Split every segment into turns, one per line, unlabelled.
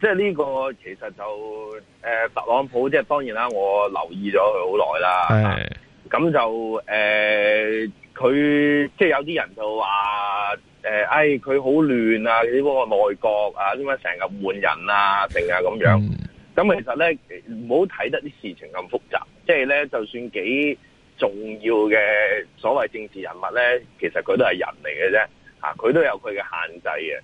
即係呢個其實就誒特、呃、朗普，即係當然啦，我留意咗佢好耐啦。係是，咁、啊、就誒佢、呃、即係有啲人就話誒、呃，哎佢好亂啊！嗰、那個內閣啊，點解成日換人啊？成啊咁樣。咁、嗯啊、其實咧，唔好睇得啲事情咁複雜。即係咧，就算幾重要嘅所謂政治人物咧，其實佢都係人嚟嘅啫。嚇、啊，佢都有佢嘅限制嘅。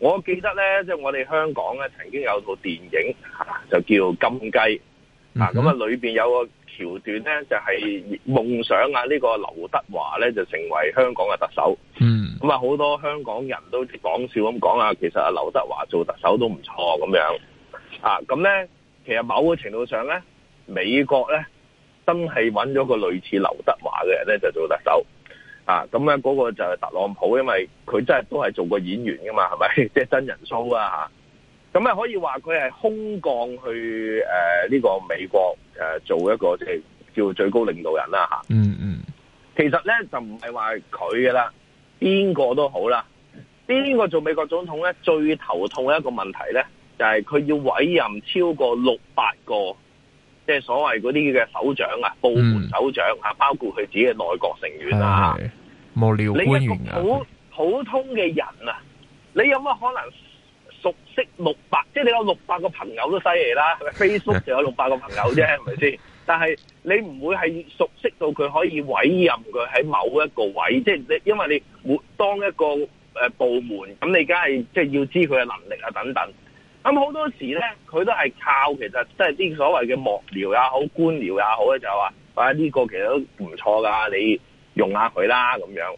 我記得咧，即係我哋香港咧，曾經有套電影吓，就叫《金雞》
mm 啊。咁啊，裏
邊有個橋段咧，就係夢想啊，呢個劉德華咧就成為香港嘅特首。嗯 mm。咁 hmm 啊，好多香港人都講笑咁講啊，其實阿劉德華做特首都唔錯咁樣啊。咁咧，其實某個程度上咧，美國咧真係揾咗個類似劉德華嘅人咧，就做特首。啊，咁咧嗰個就係特朗普，因為佢真係都係做過演員噶嘛，係咪？即係真人 show 啊，咁可以話佢係空降去誒呢個美國誒做一個即係叫最高領導人啦吓。啊，嗯嗯，其實咧就唔係話佢噶啦，邊個都好啦，邊個做美國總統咧最頭痛一個問題咧，就係佢要委任超過六百個。即係所謂嗰啲嘅首長啊，部門首長啊，嗯、包括佢自己嘅內閣成員
啊，無聊官員、啊、你一個普
是普通嘅人啊，你有乜可能熟悉六百？即係你有六百個朋友都犀利啦，係咪？Facebook 就有六百個朋友啫，係咪先？但係你唔會係熟悉到佢可以委任佢喺某一個位，即係你，因為你活當一個誒部門，咁你梗係即係要知佢嘅能力啊，等等。咁好多時咧，佢都係靠其實即係啲所謂嘅幕僚也好、官僚也好咧，就話啊呢、這個其實都唔錯噶，你用下佢啦咁樣。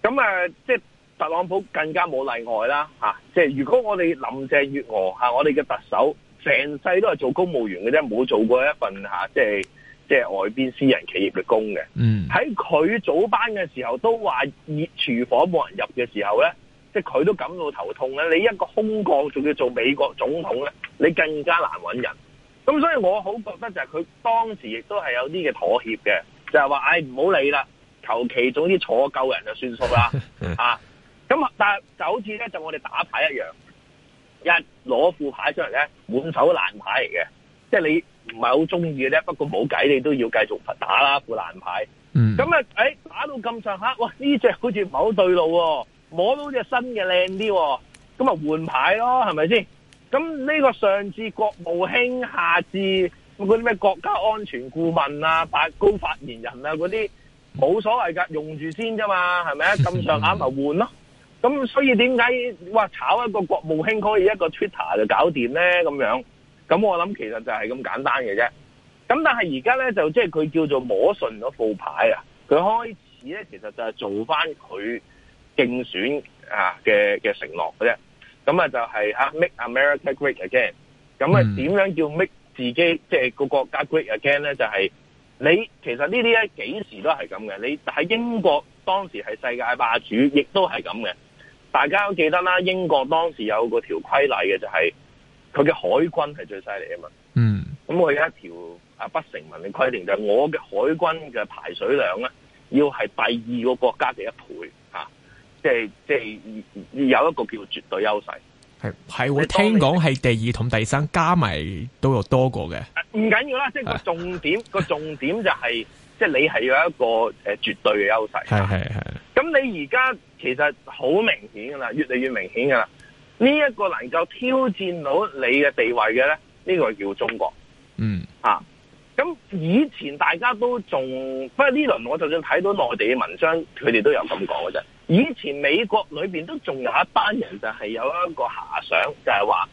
咁啊，即係特朗普更加冇例外啦，吓、啊！即係如果我哋林鄭月娥吓，我哋嘅特首成世都係做公務員嘅啫，冇做過一份吓、啊，即係即係外邊私人企業嘅工嘅。嗯。喺佢早班嘅時候都話，熱廚房冇人入嘅時候咧。佢都感到頭痛咧，你一個空降仲要做美國總統咧，你更加難揾人。咁所以我好覺得就係佢當時亦都係有啲嘅妥協嘅，就係話唉唔好理啦，求其做啲坐夠人就算數啦啊。咁 啊，但係就好似咧，就我哋打牌一樣，一攞副牌出嚟咧，滿手爛牌嚟嘅，即係你唔係好中意嘅咧，不過冇計，你都要繼續打啦副爛牌。咁、嗯這個、啊，誒打到咁上下，哇呢隻好似唔係好對路。摸到隻新嘅靚啲，咁咪換牌咯，係咪先？咁呢個上至國務卿，下至嗰啲咩國家安全顧問啊、白宮發言人啊嗰啲，冇所謂噶，用住先啫嘛，係咪？咁上下咪換咯。咁所以點解話炒一個國務卿可以一個 Twitter 就搞掂咧？咁樣，咁我諗其實就係咁簡單嘅啫。咁但係而家咧就即係佢叫做摸順咗副牌啊，佢開始咧其實就係做翻佢競選啊嘅嘅承諾嘅啫，咁啊就係、是、啊 Make America Great Again、啊。咁啊點樣叫 Make 自己即係個國家 Great Again 咧？就係、是、你其實呢啲咧幾時都係咁嘅。你喺英國當時係世界霸主，亦都係咁嘅。大家都記得啦，英國當時有個條規例嘅，就係佢嘅海軍係最犀利啊嘛。嗯，咁我有一條啊不成文嘅規定，就係我嘅海軍嘅排水量咧要係第二個國家嘅一倍啊。即係即係有一個叫絕對優勢，
係係會聽講係第二同第三加埋都有多過嘅，
唔緊要啦。即係個重點， 個重點就係即係你係有一個誒絕對嘅優勢。係係係。咁你而家其實好明顯噶啦，越嚟越明顯噶啦。呢、這、一個能夠挑戰到你嘅地位嘅咧，呢、這個叫中國。嗯，吓、啊。咁以前大家都仲，不過呢輪我就算睇到內地嘅文章，佢哋都有咁講嘅啫。以前美國裏邊都仲有一班人就係有一個遐想，就係話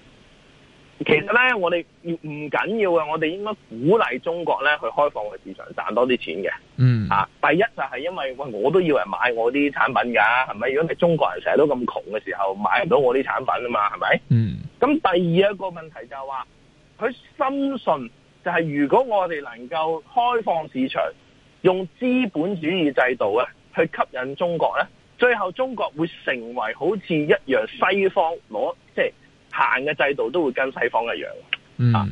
其實咧，我哋唔緊要嘅，我哋應該鼓勵中國咧去開放嘅市場賺多啲錢嘅。
嗯、啊，
第一就係因為喂，我都以為買我啲產品噶，係咪？如果係中國人成日都咁窮嘅時候，買唔到我啲產品啊嘛，係咪？嗯。咁第二一個問題就係話，佢深信就係如果我哋能夠開放市場，用資本主義制度啊，去吸引中國咧。最後中國會成為好似一樣西方攞，即係行嘅制度都會跟西方一樣。嗯、啊，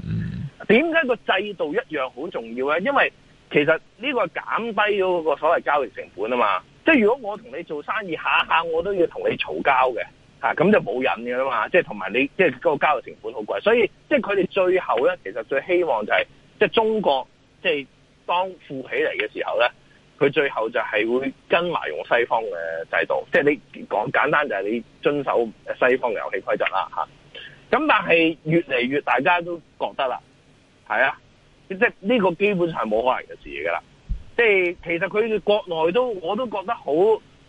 點解個制度一樣好重要咧？因為其實呢個減低咗個所謂交易成本啊嘛，即係如果我同你做生意下下我都要同你嘈交嘅，吓、啊、咁就冇癮嘅啦嘛，即係同埋你即係嗰個交易成本好貴，所以即係佢哋最後咧，其實最希望就係即係中國即係當富起嚟嘅時候咧。佢最後就係會跟埋用西方嘅制度，即係你講簡單就係你遵守西方嘅遊戲規則啦咁、吓、但係越嚟越大家都覺得啦，係啊，即係呢個基本上冇可能嘅事嘅啦。即係其實佢國內都我都覺得好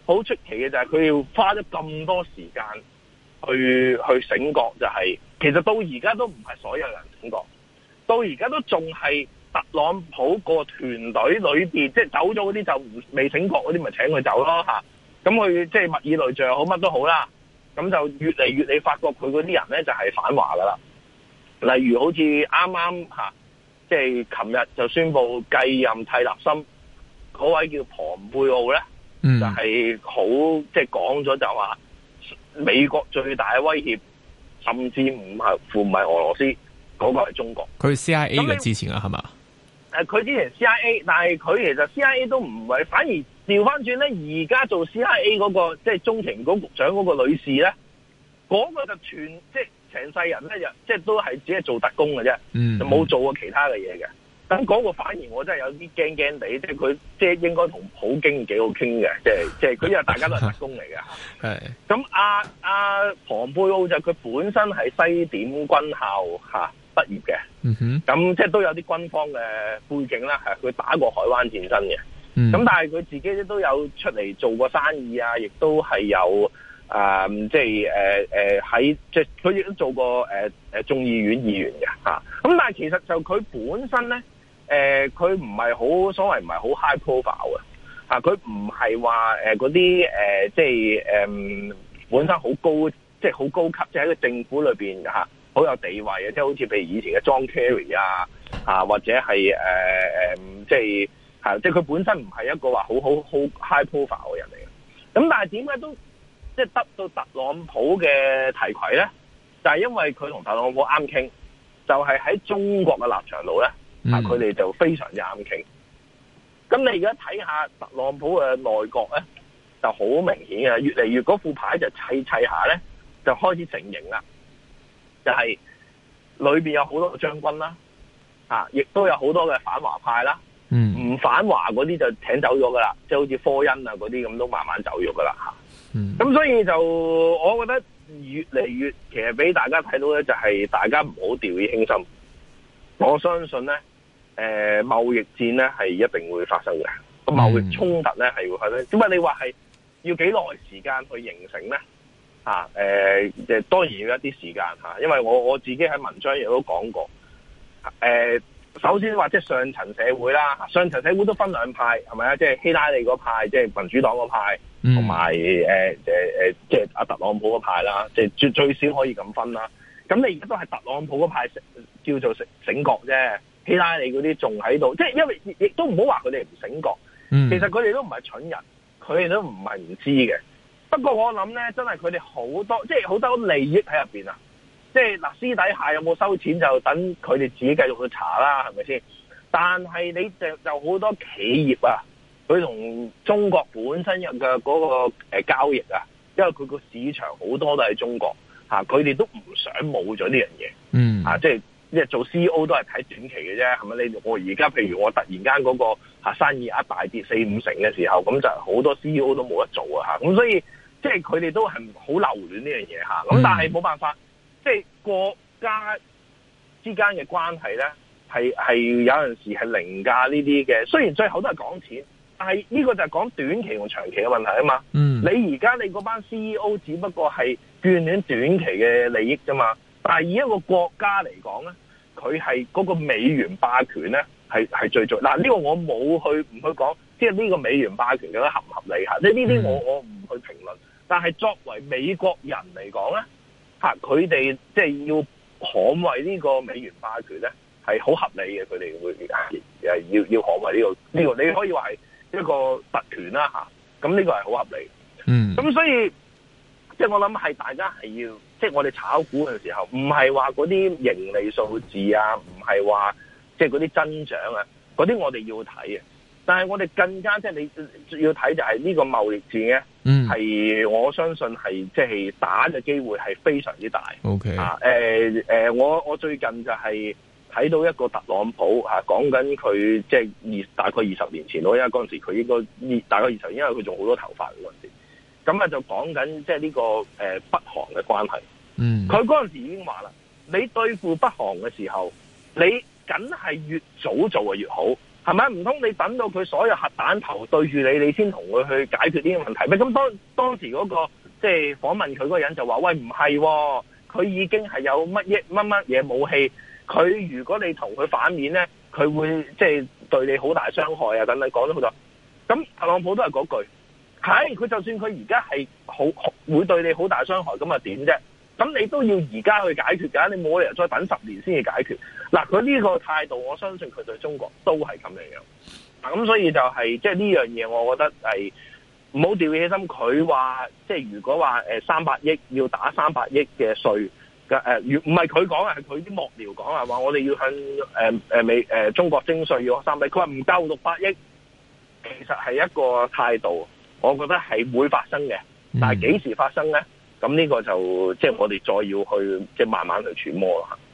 好出奇嘅就係佢要花咗咁多時間去去醒覺，就係，就係其實到而家都唔係所有人醒覺，到而家都仲係，特朗普個團隊裏面，即係走咗嗰啲就未醒覺，就請過嗰啲，咪請佢走咯嚇。咁佢即係物以類聚好，乜都好啦。咁就越嚟越你發覺佢嗰啲人咧就係反華噶啦。例如好似啱啱嚇即係琴日就宣布繼任蒂勒森嗰位叫蓬佩奧咧，就係、是、好即係講咗就話美國最大嘅威脅，甚至唔係負唔係俄羅斯，嗰、那個係中國。
佢 C I A 嘅之前啊，係嘛你？
誒佢、啊、之前 CIA，但係佢其實 CIA 都唔係，反而調翻轉咧，而家做 CIA 嗰、那個即係中情局局長嗰個女士咧，嗰、那個就全即係成世人咧，就即係都係只係做特工嘅啫，就冇、嗯、做過其他嘅嘢嘅。但、那、嗰個反而我真係有啲驚驚地，即係佢即係應該同普京幾好傾嘅，即係即係佢又大家都係特工嚟嘅。係咁 是，阿阿蓬佩奧就佢本身係西點軍校嚇，啊畢業嘅，咁即係都有啲軍方嘅背景啦，係佢打過海灣戰爭嘅，咁、mm hmm. 但係佢自己都有出嚟做過生意啊，亦都係有、呃、即係誒誒喺即係佢亦都做過誒誒眾議院議員嘅吓，咁、啊、但係其實就佢本身咧，誒佢唔係好所謂唔係好 high profile 嘅，啊佢唔係話誒嗰啲誒即係誒、呃、本身好高即係好高級，即係喺個政府裏邊吓。啊好有地位啊！即係好似譬如以前嘅 John Kerry 啊，啊或者係誒誒，即係吓，即係佢本身唔係一個話好好好 high profile 嘅人嚟嘅。咁但係點解都即係得到特朗普嘅提攜咧？就係因為佢同特朗普啱傾，就係喺中國嘅立場度咧，啊，佢哋就非常之啱傾。咁你而家睇下特朗普嘅內閣咧，就好明顯嘅，越嚟越嗰副牌就砌砌砌砌下咧，就開始成型啦。就係裏邊有好多嘅將軍啦，啊，亦都有好多嘅反華派啦，唔、嗯、反華嗰啲就請走咗噶啦，就好似科恩啊嗰啲咁都慢慢走咗噶啦吓，咁、嗯、所以就我覺得越嚟越，其實俾大家睇到咧，就係大家唔好掉以輕心。我相信咧，誒、呃，貿易戰咧係一定會發生嘅，咁貿易衝突咧係會發生。點解你話係要幾耐時間去形成咧？吓，誒、啊，誒、呃，當然要一啲時間吓，因為我我自己喺文章亦都講過，誒、啊，首先話即係上層社會啦，上層社會都分兩派，係咪啊？即係希拉里嗰派，即係民主黨嗰派，同埋誒誒誒，即係阿特朗普嗰派啦，即係最最少可以咁分啦。咁你而家都係特朗普嗰派，叫做醒醒覺啫。希拉里嗰啲仲喺度，即係因為亦都唔好話佢哋唔醒覺，其實佢哋都唔係蠢人，佢哋都唔係唔知嘅。不過我諗咧，真係佢哋好多，即係好多利益喺入邊啊！即係嗱，私底下有冇收錢就等佢哋自己繼續去查啦，係咪先？但係你就就好多企業啊，佢同中國本身入嘅嗰個誒交易啊，因為佢個市場好多都喺中國吓，啊、佢哋都唔想冇咗呢樣嘢。嗯、啊，即係即係做 C E O 都係睇短期嘅啫，係咪？你我而家譬如我突然間嗰個吓、啊、生意額大跌四五成嘅時候，咁就好多 C E O 都冇得做啊！吓，咁所以。即係佢哋都係好留戀呢樣嘢吓，咁但係冇辦法，嗯、即係國家之間嘅關係咧，係係有陣時係凌駕呢啲嘅。雖然最後都係講錢，但係呢個就係講短期同長期嘅問題啊嘛。嗯，你而家你嗰班 CEO 只不過係眷戀短期嘅利益啫嘛。但係以一個國家嚟講咧，佢係嗰個美元霸權咧係係最最。嗱，呢個我冇去唔去講，即係呢個美元霸權嘅合唔合理吓？即係呢啲我、嗯、我唔去評論。但係作為美國人嚟講咧，吓佢哋即係要捍衛呢個美元霸權咧，係好合理嘅。佢哋會誒要要捍衛呢個呢個，你可以話係一個特權啦吓。咁呢個係好合理。嗯。咁所以，即係我諗係大家係要，即係我哋炒股嘅時候，唔係話嗰啲盈利數字啊，唔係話即係嗰啲增長啊，嗰啲我哋要睇嘅。但係我哋更加即係你要睇就係呢個貿易戰咧，係、嗯、我相信係即係打嘅機會係非常之大。O K，誒誒，我我最近就係睇到一個特朗普吓，講緊佢即係二大概二十年前，因為嗰陣時佢應該二大概二十年，因為佢仲好多頭髮嗰陣時就就、這個，咁啊就講緊即係呢個誒北韓嘅關係。嗯，佢嗰陣時已經話啦，你對付北韓嘅時候，你梗係越早做啊越好。係咪唔通你等到佢所有核彈頭對住你，你先同佢去解決呢個問題咪，咁當，當時嗰、那個即係、就是、訪問佢嗰個人就話，喂，唔係、哦，佢已經係有乜嘢乜乜嘢武器，佢如果你同佢反面咧，佢會即係、就是、對你好大傷害啊！等等講咗好多，咁特朗普都係嗰句，係、哎、佢就算佢而家係好會對你好大傷害，咁啊點啫？咁你都要而家去解決㗎，你冇理由再等十年先至解決。嗱，佢呢個態度，我相信佢對中國都係咁樣樣。咁所以就係即係呢樣嘢，就是、我覺得係唔好掉起心。佢話即係如果話誒三百億要打三百億嘅稅嘅，如唔係佢講嘅，係佢啲幕僚講啊，話我哋要向誒誒、呃、美誒、呃、中國徵稅要三百，佢話唔夠六百億，其實係一個態度，我覺得係會發生嘅。但係幾時發生咧？咁呢個就即係我哋再要去即係慢慢去揣摩啦。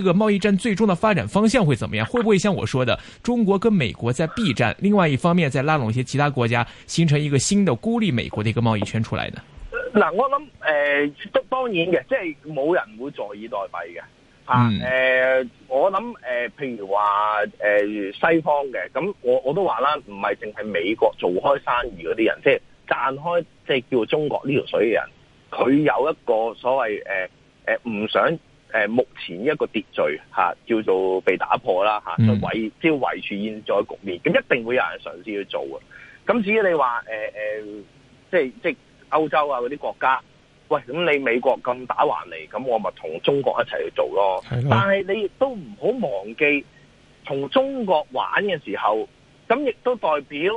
這個貿易戰最終的發展方向會怎麼樣？會不會像我說的，中國跟美國在避戰，另外一方面再拉攏一些其他國家，形成一個新的孤立美國的一個貿易圈出來呢？
嗱，我諗誒，當然嘅，即係冇人會坐以待斃嘅。誒、啊嗯呃，我諗誒、呃，譬如話誒、呃、西方嘅，咁我我都話啦，唔係淨係美國做開生意嗰啲人，即係賺開即係叫中國呢條水嘅人，佢有一個所謂誒誒唔想。誒，目前一個秩序吓、啊，叫做被打破啦吓，去圍即係維持現在局面，咁一定會有人嘗試去做啊！咁至於你話誒誒，即係即係歐洲啊嗰啲國家，喂，咁你美國咁打橫嚟，咁我咪同中國一齊去做咯。是的但係你亦都唔好忘記，同中國玩嘅時候，咁亦都代表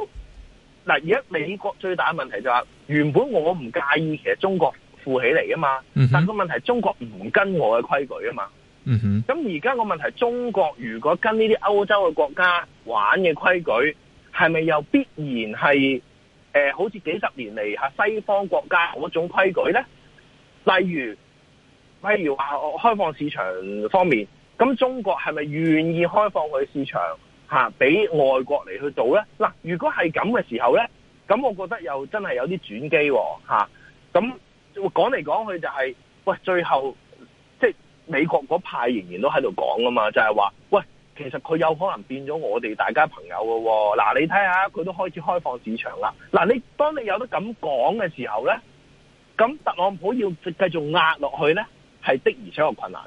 嗱，而家美國最大嘅問題就係、是，原本我唔介意其實中國。富起嚟啊嘛，但個問題係中國唔跟我嘅規矩啊嘛，
嗯
哼，咁而家個問題，中國如果跟呢啲歐洲嘅國家玩嘅規矩，係咪又必然係誒、呃，好似幾十年嚟吓西方國家嗰種規矩咧？例如例如話開放市場方面，咁中國係咪願意開放佢市場吓俾、啊、外國嚟去做咧？嗱、啊，如果係咁嘅時候咧，咁我覺得又真係有啲轉機吓、哦、咁。啊講嚟講去就係、是，喂，最後即係美國嗰派仍然都喺度講噶嘛，就係、是、話，喂，其實佢有可能變咗我哋大家朋友喎、哦。嗱、啊，你睇下佢都開始開放市場啦，嗱、啊，你當你有得咁講嘅時候咧，咁特朗普要繼續壓落去咧，係的而且確困難，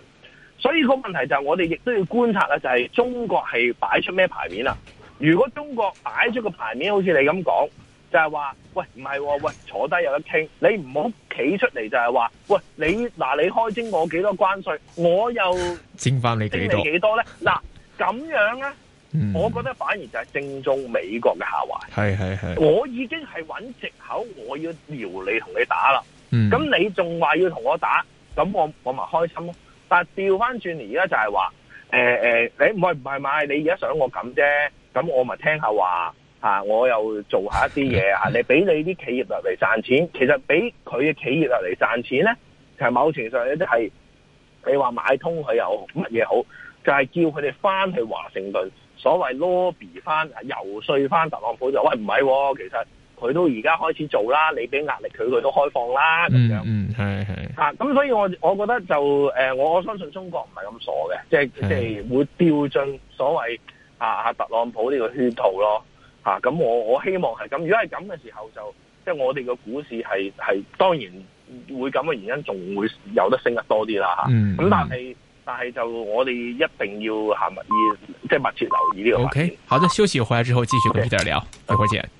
所以個問題就係、是、我哋亦都要觀察啦，就係、是、中國係擺出咩牌面啊？如果中國擺出個牌面好似你咁講。就係話，喂，唔係、哦，喂，坐低有得傾。你唔好企出嚟就係話，喂，你嗱，你開徵我幾多關稅，我又
徵翻你幾多
咧？嗱，咁樣咧，我覺得反而就係正中美國嘅下懷。
係係係，我
已經係揾藉口，我要撩你同你打啦。咁、嗯、你仲話要同我打，咁我我咪開心咯。但係調翻轉嚟而家就係話，誒、呃、誒、呃哎，你唔係唔係你而家想我咁啫，咁我咪聽下話。吓、啊，我又做下一啲嘢啊你俾你啲企業入嚟賺錢。其實俾佢嘅企業入嚟賺錢咧，就係某程度上呢，都係，你話買通佢又好，乜嘢好，就係、是、叫佢哋翻去華盛頓，所謂 lobby 翻、游說翻特朗普就喂唔係、哦，其實佢都而家開始做啦，你俾壓力佢，佢都開放啦咁、嗯、樣。嗯，係係、啊。吓，咁所以我我覺得就誒、呃，我相信中國唔係咁傻嘅，即係佢哋會掉進所謂啊特朗普呢個圈套咯。啊，咁我我希望係咁，如果係咁嘅時候就，即係我哋個股市係係當然會咁嘅原因，仲會有得升得多啲啦吓。咁、啊嗯嗯、但係但係就我哋一定要行密切，即係密切留意呢個。OK，
好的，休息回來之後繼續跟住點聊，一會兒見。